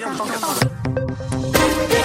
要放个放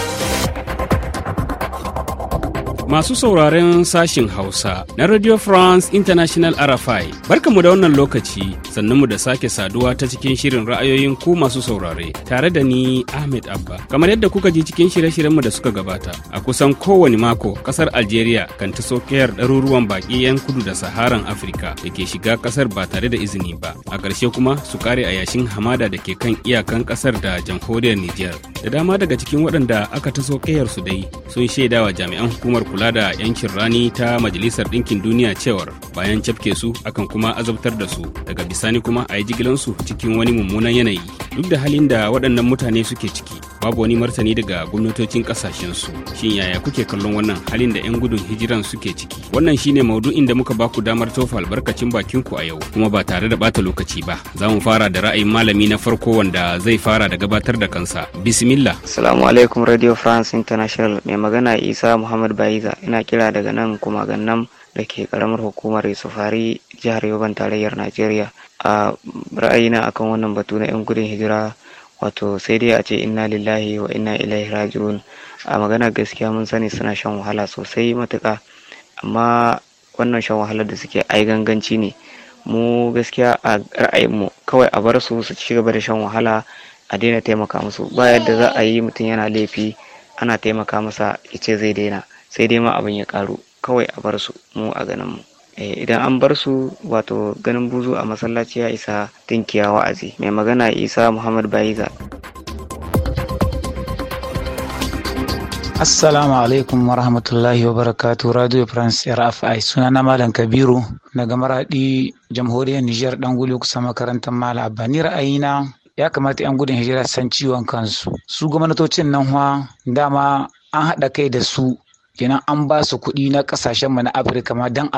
Masu sauraren sashin Hausa na Radio France International RFI, mu da wannan lokaci sannan mu da sake saduwa ta cikin shirin ra'ayoyin ku masu saurare tare da ni Ahmed Abba. Kamar yadda kuka ji cikin shirye-shiryenmu da suka gabata, a kusan kowane mako kasar Algeria kan ta sokayar ɗaruruwan baƙi 'yan kudu da Saharan Afirka da ke shiga kasar ba tare da izini ba. A ƙarshe kuma su kare a yashin hamada da ke kan iyakan kasar da jamhuriyar Nijar. da dama daga cikin waɗanda aka ta taso su dai sun shaida wa jami'an hukumar kula da yankin rani ta majalisar ɗinkin duniya cewar bayan cafke su akan kuma azabtar da su daga bisani kuma a yi jigilansu cikin wani mummunan yanayi duk da halin da waɗannan mutane suke ciki babu wani martani daga gwamnatocin su shin yaya kuke kallon wannan halin da 'yan gudun hijiran suke ciki wannan shine maudu'in da muka baku damar tofa albarkacin bakin ku a yau kuma ba tare da bata lokaci ba za mu fara da ra'ayin malami na farko wanda zai fara da gabatar da kansa bismillah assalamu alaikum radio france international mai magana isa muhammad baiza ina kira daga nan kuma gannan da ke karamar hukumar sufari jihar yoban tarayyar najeriya a ra'ayina akan wannan batu na 'yan gudun hijira wato sai dai a ce inna lillahi wa inna ilaihi raji'un a magana gaskiya mun sani suna shan wahala sosai matuka, amma wannan shan wahalar da suke ai ganganci ne mu gaskiya a ra'ayinmu kawai a bar su su ci gaba da shan wahala a daina taimaka musu ba yadda za a yi mutum yana laifi ana taimaka masa ya ce zai daina sai dai ma abin ya karu kawai a bar su mu a ganin mu Eh, idan an bar su wato ganin buzu a masallaci ya isa tinkiya wa'azi mai magana isa muhammad bayiza Assalamu alaikum wa rahmatullahi wa barakatu Radio France RFI na Malam Kabiru daga maradi jamhuriyar Nijar dan gulu kusa makarantar Malam Abani ra'ayina ya kamata 'yan gudun hijira san ciwon kansu su gwamnatocin nan dama an haɗa kai da su kenan an ba su kuɗi na ƙasashen mu na afirka ma dan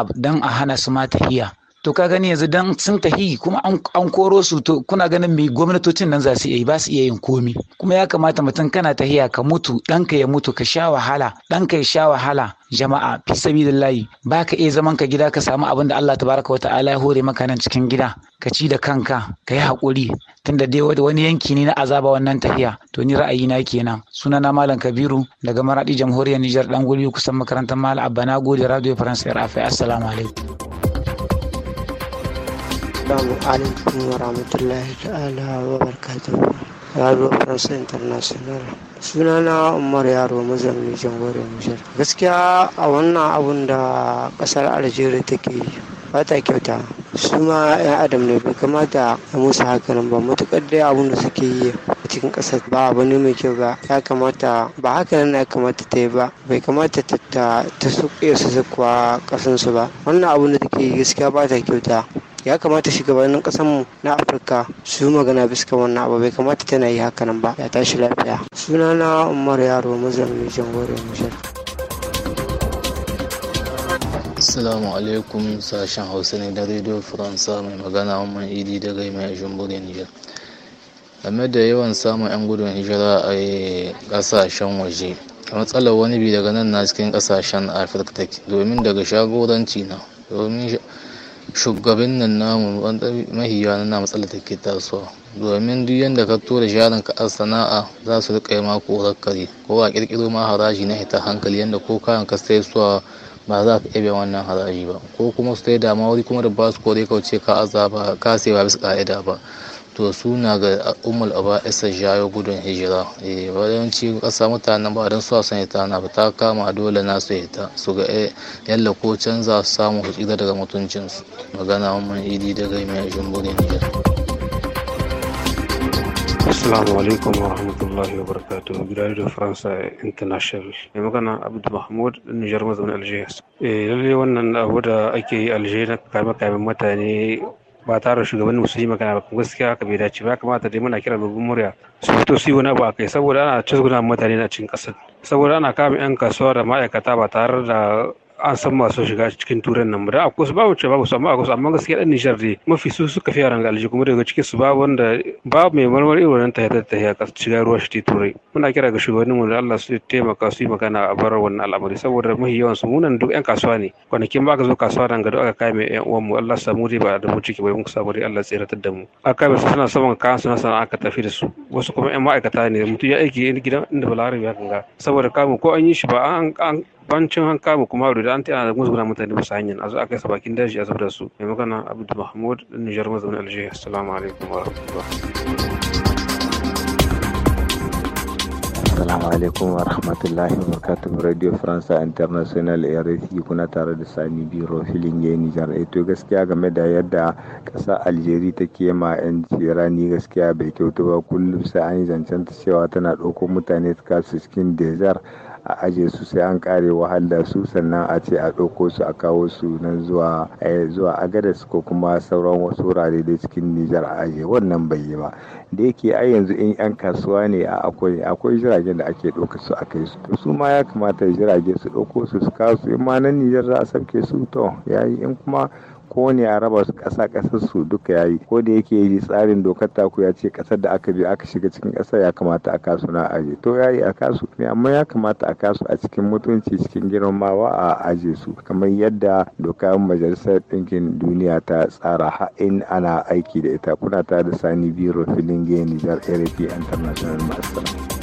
a hana su ma tahiya to ka gani yanzu dan sun tahi kuma an koro su to kuna ganin mai gwamnatocin nan za su iya yi ba su iya yin komi kuma ya kamata mutum kana tahiya ka mutu ɗanka ya mutu ka sha wahala ɗanka ya sha wahala jama'a fi sabilillahi ba ka iya zaman ka gida ka samu abin da Allah tabaraka wa ta'ala ya hore maka nan cikin gida ka ci da kanka ka yi haƙuri tunda dai wani yanki ne na azaba wannan tafiya to ni ra'ayina kenan sunana malam kabiru daga maradi jamhuriyar nijar dan gulbi kusan makarantar mal abba na gode radio france rf assalamu alaikum alaikum wa rahmatullahi ta'ala wa barakatuhu. Radio France International. Sunana Umar Yaro mazaunin jamhuriyar Nijar. Gaskiya a wannan abun da kasar Algeria take ba kyauta su ma 'yan adam ne bai kamata a musu hakanan ba matukar dai abun da suke yi a cikin kasar ba abu ne mai kyau ba ya kamata ba hakanan ya kamata ta yi ba bai kamata ta ta suƙe su kuwa su ba wannan abun da take yi gaskiya ba ta kyauta ya kamata shugabannin mu na afirka su magana bisa wannan abu bai kamata tana yi hakanan ba ya tashi lafiya sunana umar yaro mazalmi jangore mashar assalamu alaikum sashen hausa ne na radio faransa mai magana wannan idi da gai mai jamhuriyar nijar game da yawan samun 'yan gudun hijira a kasashen waje a matsalar wani bi daga nan na cikin kasashen afirka ke domin daga shagoranci na domin shugaban nan namu wanda mahiya na matsalar ke tasowa domin duk yadda ka tura jarin ka a sana'a za su rika ma korar ko a kirkiro ma haraji na ita hankali yadda ko kayan ka sai suwa ba za ka ɗebe wannan haraji ba ko kuma su tai dama wuri kuma da ba su kodai kauce ka azaba ka sai ba bisa ka'ida ba to suna ga ummul isa jayo gudun hijira eh yawanci kasa mutanen ba don suwa son ta na ta kama dole na su ta su ga eh, yalla ko canza su samu hujira daga mutuncinsu magana mun idi daga mai jumburi ne Assalamu alaikum wa rahmatullahi wa barakatuhu gidan International. Mai magana Abdu Mahmud Nijar mazaunin Algeria. Eh, lalle wannan abu da ake yi Algeria kame kamen mutane ba tare da shugabannin su yi magana ba gaskiya haka bai dace ba kamata dai muna kira babban murya su fito su yi wani abu a kai saboda ana cizguna mutane na cikin kasar saboda ana kama 'yan kasuwa da ma'aikata ba tare da an san masu shiga cikin turan nan da akwai su babu ce babu samu akwai su amma gaskiya dan Nijar dai mafi su suka fi yaran galji kuma daga cikin su babu wanda babu mai marmari irin wannan tahiya tahiyar ka shiga ruwa shi turai muna kira ga shugabannin mu da Allah su taimaka su yi magana a barar wannan al'amari saboda mafi yawan su munan duk yan kasuwa ne kwanakin ba ka zo kasuwa nan gado aka kai mai yan uwan mu Allah samu dai ba da mu ciki bai mun samu dai Allah tsiratar da mu aka su suna saman kan su na sana'a aka tafi da su wasu kuma yan ma'aikata ne mutum ya aiki gidan inda balarin ya kanga saboda kamu ko an yi shi ba an bancin hanka mu kuma da an tana da musguna mutane ba hanyar a zo aka sa bakin daji a zubar su mai magana abdul mahmud dan nijar mazaunin algeria assalamu alaikum wa Assalamu alaikum wa rahmatullahi wa barakatuhu Radio France International RFI kuna tare da Sani Biro filin ya Nijar. E to gaskiya game da yadda ƙasa Algeria take ma 'yan ni gaskiya bai kyautu ba kullum sai an yi zancen cewa tana ɗauko mutane ta kasu cikin desert a aje su sai an kare wahala su sannan a ce a ɗauko su a kawo su nan zuwa eh, zuwa agadas ko kuma sauran wasu wurare da cikin nijar a aje wannan bai yi ba da yake a yanzu in yan kasuwa ne a akwai akwai jiragen da ake ɗauka su a kai su to su ma ya kamata jirage su ɗauko su su kawo su in ma nan nijar za a sauke su to yayi in kuma kowane ya raba ƙasa ƙasar su duka yayi ko da yake tsarin dokar taku ya ce kasar da aka bi aka shiga cikin ƙasar ya kamata a kasu na aje to yayi a kasu ne amma ya kamata a kasu a cikin mutunci cikin girmamawa a aje su kamar yadda dokar majalisar ɗinkin duniya ta tsara har in ana aiki da ita kuna ta da sani biro filin gini Nijar International Master.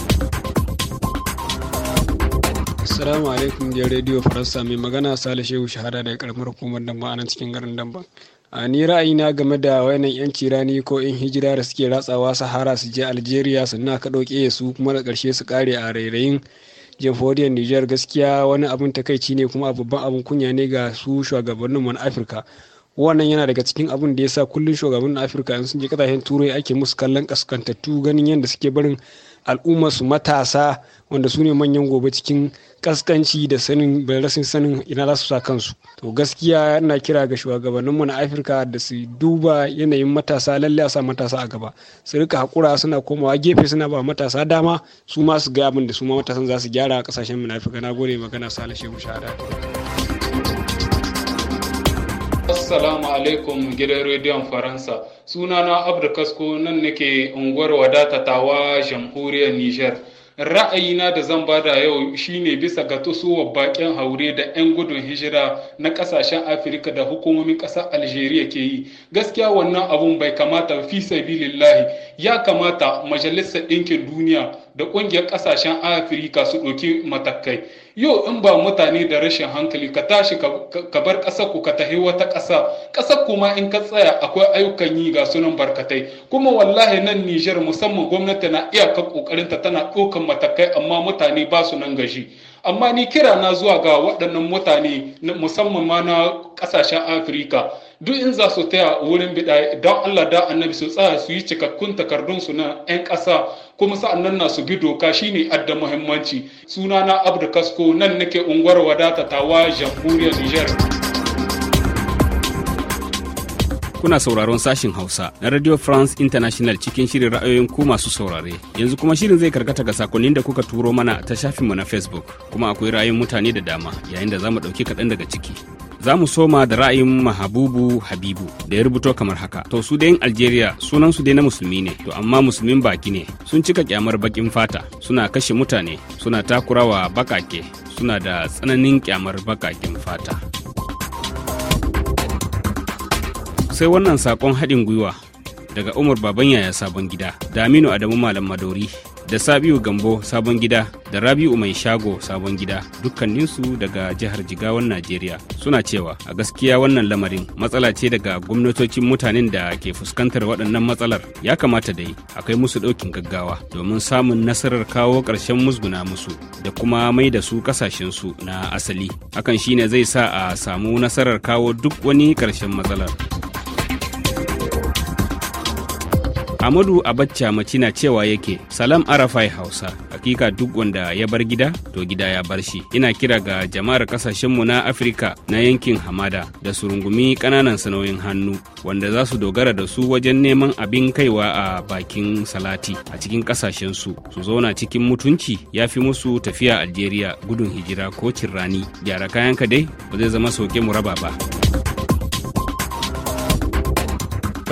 Assalamu alaikum da Radio Faransa mai magana Sale Shehu Shahada daga karamar hukumar Damba a cikin garin Damban. A ni na game da wayannan yanci rani ko in hijira da suke ratsawa Sahara su je Algeria sannan aka ɗauke su kuma da ƙarshe su kare a rairayin jamhuriyar niger gaskiya wani abin takaici ne kuma babban abin kunya ne ga su shugabannin na Afirka. wannan yana daga cikin abin da ya sa kullum shugabannin afirka in sun je kasashen turai ake musu kallon kaskantattu ganin yadda suke barin al'ummarsu matasa wanda su ne manyan gobe cikin kaskanci da sanin rasin sanin ina za su sa kansu to gaskiya ina kira ga shugabanninmu na afirka da su duba yanayin matasa lalle a sa matasa a gaba su rika hakura suna komawa gefe suna ba matasa dama su ma su ga abin da su ma matasan za su gyara a kasashen mu na afirka na gode magana salishe mu shahada Assalamu alaikum gidan rediyon Faransa. Sunana Abdu Kasko nan nake unguwar wadatatawa jamhuriyar Nijar. Ra'ayina da zan bada yau shine bisa ga tusuwar baƙin haure da 'yan gudun hijira na kasashen Afirka da hukumomin ƙasar Algeria ke yi. Gaskiya wannan abun bai kamata fi sabilillahi ya kamata Majalisar Ɗinkin Duniya da ƙungiyar ƙasashen afirka su ɗauki matakai yau in ba mutane da rashin hankali ka tashi ka bar ƙasar ku ka tahi wata ƙasa ƙasar kuma in ka tsaya akwai ayyukan yi ga sunan barkatai kuma wallahi nan nijar musamman gwamnati na iyakar ƙoƙarinta tana ɗaukan matakai amma mutane ba su nan gaji. amma ni kira na zuwa ga waɗannan mutane musamman ma na ƙasashen afirka duk in za su taya wurin bida don Allah da annabi su tsaya su yi cikakkun takardun su na 'yan ƙasa kuma nan na su bi doka shine adda muhimmanci sunana abdu kasko nan nake unguwar wadata tawa jamhuriyar niger kuna sauraron sashin hausa na radio france international cikin shirin ra'ayoyin ku masu saurare yanzu kuma shirin zai karkata ga sakonnin da kuka turo mana ta shafinmu na facebook kuma akwai ra'ayin mutane da dama yayin da za mu ɗauki kaɗan daga ciki za mu soma da ra'ayin mahabubu habibu da ya rubuto kamar haka to su dai algeria sunan su dai na musulmi ne to amma musulmin baki ne sun cika kyamar bakin fata suna kashe mutane suna takurawa bakake suna da tsananin kyamar bakakin fata sai wannan saƙon haɗin gwiwa daga umar baban yaya sabon gida da aminu adamu malam madori da Sabiu Gambo sabon gida da Rabi'u mai shago sabon gida dukkaninsu daga jihar Jigawan Najeriya suna cewa a gaskiya wannan lamarin matsala ce daga gwamnatocin mutanen da ke fuskantar waɗannan matsalar ya kamata dai a kai musu ɗaukin gaggawa domin samun nasarar kawo ƙarshen musguna musu da kuma mai da su ƙasashensu na asali hakan shine zai sa a samu nasarar kawo duk wani ƙarshen matsalar. Amadu Abacha Macina cewa yake Salam Arafai Hausa hakika duk wanda ya bar gida to gida ya bar shi ina kira ga jama'ar kasashenmu na Afirka na yankin hamada da su rungumi ƙananan sanoyin hannu wanda za su dogara da su wajen neman abin kaiwa a bakin salati a cikin kasashensu su zauna cikin mutunci ya fi musu tafiya Algeria gudun hijira ko cirrani gyara kayanka dai ba zai zama sauke mu raba ba.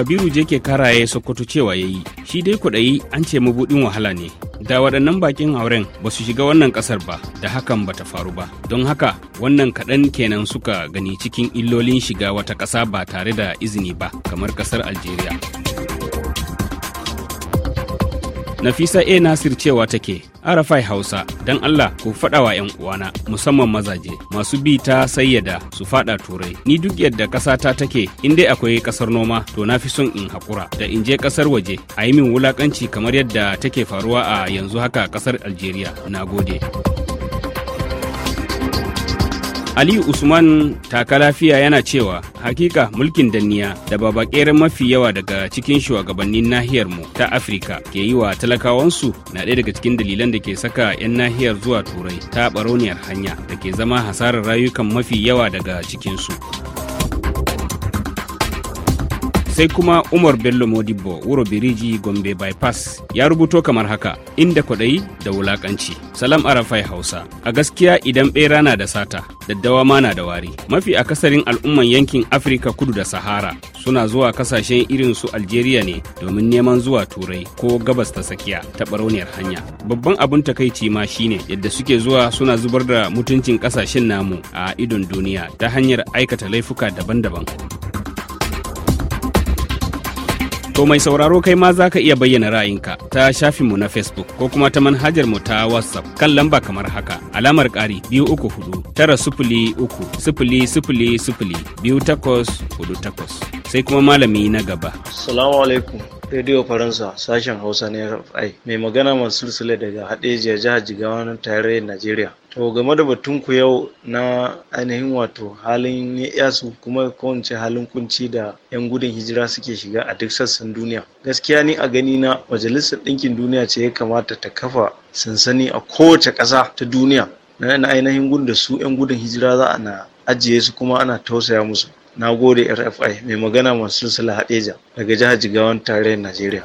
kabiru je ke karaye sokoto cewa ya yi shi dai kwaɗayi an ce mabuɗin wahala ne da waɗannan bakin auren ba su shiga wannan ƙasar ba da hakan ba ta faru ba don haka wannan kaɗan kenan suka gani cikin illolin shiga wata ƙasa ba tare da izini ba kamar ƙasar algeria Nafisa A Nasir cewa take, Arafai Hausa, don Allah ku faɗawa wa 'yan uwana musamman mazaje masu bi ta sayyada su faɗa turai. Ni duk yadda ta take in dai akwai ƙasar noma to na fi son in haƙura da in je ƙasar waje a yi min wulaƙanci kamar yadda take faruwa a yanzu haka ƙasar Algeria. Na gode. Aliyu Usman taka lafiya yana cewa hakika mulkin danniya da babakeren mafi yawa daga cikin shugabannin nahiyar mu ta Afirka ke yi wa talakawansu na ɗaya daga cikin dalilan da ke saka 'yan nahiyar zuwa turai ta ɓarauniyar hanya da ke zama hasarar rayukan mafi yawa daga cikinsu. sai kuma umar bello modibo wuro biriji gombe bypass ya rubuto kamar haka inda kwaɗayi da wulaƙanci. salam arafai hausa a gaskiya idan ɓera na da sata daddawa ma na da wari mafi akasarin al'umman yankin afirka kudu da sahara suna zuwa kasashen irin su algeria ne domin neman zuwa turai ko gabas ta tsakiya ta barauniyar hanya babban abin takaici ma shine yadda suke zuwa suna zubar da mutuncin kasashen namu a idon duniya ta hanyar aikata laifuka daban-daban ko mai sauraro kai ma za ka iya bayyana ra'ayinka ta mu na Facebook ko kuma ta manhajar mu ta WhatsApp kan lamba kamar haka alamar ƙari biyu uku hudu tara sufuli uku sufuli sufuli sufuli biyu takwas hudu takwas. sai kuma malami na gaba. Salamu alaikum. Radio Faransa sashen Hausa ne RFI mai magana masu silsila daga Hadejiya jihar Jigawa na tarayyar Najeriya. To game da batun ku yau na ainihin wato halin yasu kuma kowace halin kunci da 'yan gudun hijira suke shiga a duk sassan duniya. Gaskiya ni a gani na Majalisar Ɗinkin Duniya ce ya kamata ta kafa sansani a kowace ƙasa ta duniya na ainihin gudun da su 'yan gudun hijira za a na ajiye su kuma ana tausaya musu na gode rfi mai magana masu silsila hadeja daga jihar jigawan tarayyar najeriya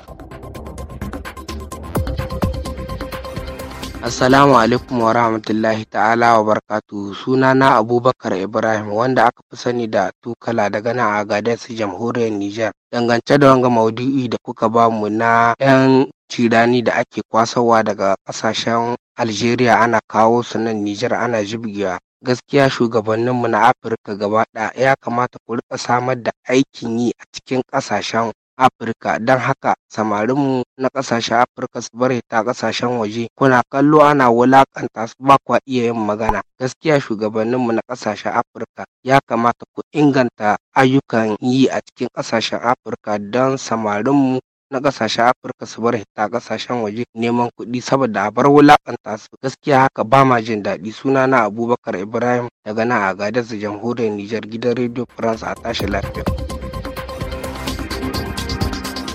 Assalamu alaikum wa rahmatullahi ta'ala wa barkatu suna na Abubakar Ibrahim wanda aka fi sani da tukala daga nan a Agadez jamhuriyar Nijar. Dangance da wanga maudu'i da kuka ba mu na 'yan cirani da ake kwasowa daga kasashen Algeria ana kawo su nan Nijar ana jibgewa. Gaskiya shugabanninmu na Afirka gaba ɗaya ya kamata ku rika samar da aikin yi a cikin ƙasashen Afirka don haka samarinmu na ƙasashen Afirka su ta ƙasashen waje kuna kallo ana wulaƙanta su ba kwa iya yin magana. Gaskiya shugabanninmu na ƙasashen Afirka ya kamata ku inganta ayyukan yi a cikin ƙasashen Afirka don samarinmu na ƙasashen Afirka su bar hita ƙasashen waje neman kuɗi saboda a bar wulaƙanta su gaskiya haka ba ma jin daɗi suna na Abubakar Ibrahim daga nan a Agadez jamhuriyar Nijar gidan Radio France a tashi lafiya.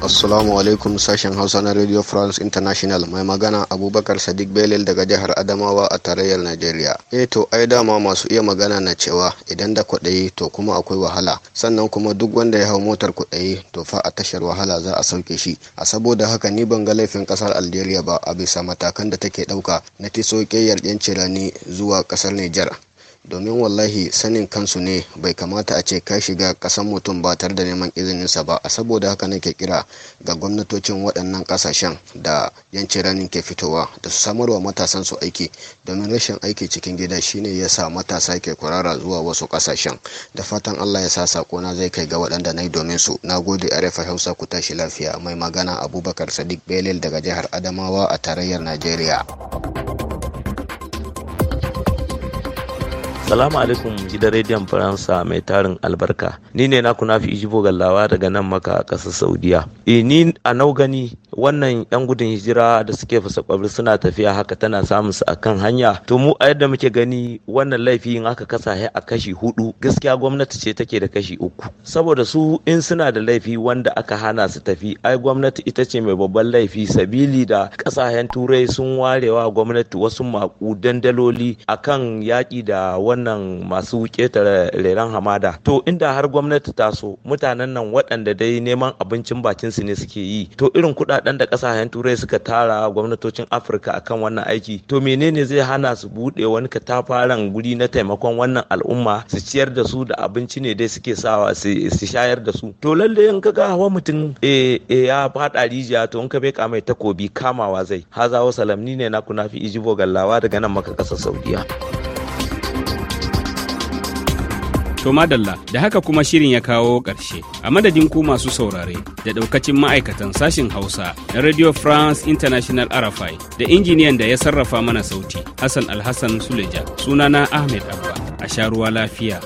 assalamu alaikum sashen hausa na radio france international mai magana abubakar sadiq belil daga jihar adamawa a tarayyar nigeria eh to ai dama masu iya magana na cewa idan da kwaɗayi to kuma akwai wahala sannan kuma duk wanda ya hau motar kwaɗayi to fa a tashar wahala za a sauke shi a saboda haka ni ban ga laifin ƙasar algeria ba a bisa matakan da take ɗauka na tiso ƙeyar 'yan cirani zuwa ƙasar niger. domin wallahi sanin kansu ne bai kamata a ce ka shiga kasan mutum ba tare da neman izininsa ba a saboda haka ke kira ga gwamnatocin waɗannan ƙasashen da yanci ranin ke fitowa da su samarwa matasan su aiki domin rashin aiki cikin gida shine ya sa matasa ke kurara zuwa wasu ƙasashen da fatan allah ya sa sakona zai kai ga waɗanda na yi domin su na gode a rafa hausa ku tashi lafiya mai magana abubakar sadiq belel daga jihar adamawa a tarayyar najeriya Salamu alaikum gidan rediyon Faransa mai tarin albarka. Ni ne naku nafi ijibo gallawa daga nan maka a ƙasar Saudiya. E ni a nau gani wannan yan gudun hijira da suke fasa kwabir suna tafiya haka tana samun su akan hanya to mu a yadda muke gani wannan laifi in aka kasa a kashi hudu gaskiya gwamnati ce take da kashi uku saboda su in suna da laifi wanda aka hana su tafi ai gwamnati ita ce mai babban laifi sabili da kasahen turai sun warewa gwamnati wasu makudan daloli akan yaki da wannan masu ƙetare reran hamada to inda har gwamnati ta so mutanen nan waɗanda dai neman abincin bakin su ne suke yi to irin kuɗaɗen kudaden da kasashen turai suka tara gwamnatocin afirka akan wannan aiki to menene zai hana su buɗe wani katafaren guri na taimakon wannan al'umma su ciyar da su da abinci ne dai suke sawa su shayar da su to lallai in ka ga hawa mutum eh, eh, ya faɗa rijiya to in ka beka mai takobi kamawa zai hazawa salamni ne na kunafi ijibo gallawa daga nan maka ƙasar saudiya To madalla da haka kuma shirin ya kawo ƙarshe a madadin ku masu saurare da ɗaukacin ma'aikatan sashin Hausa na Radio France International Arafai da injiniyan da ya sarrafa mana sauti Hassan Alhassan Suleja sunana Ahmed Abba a sha ruwa lafiya.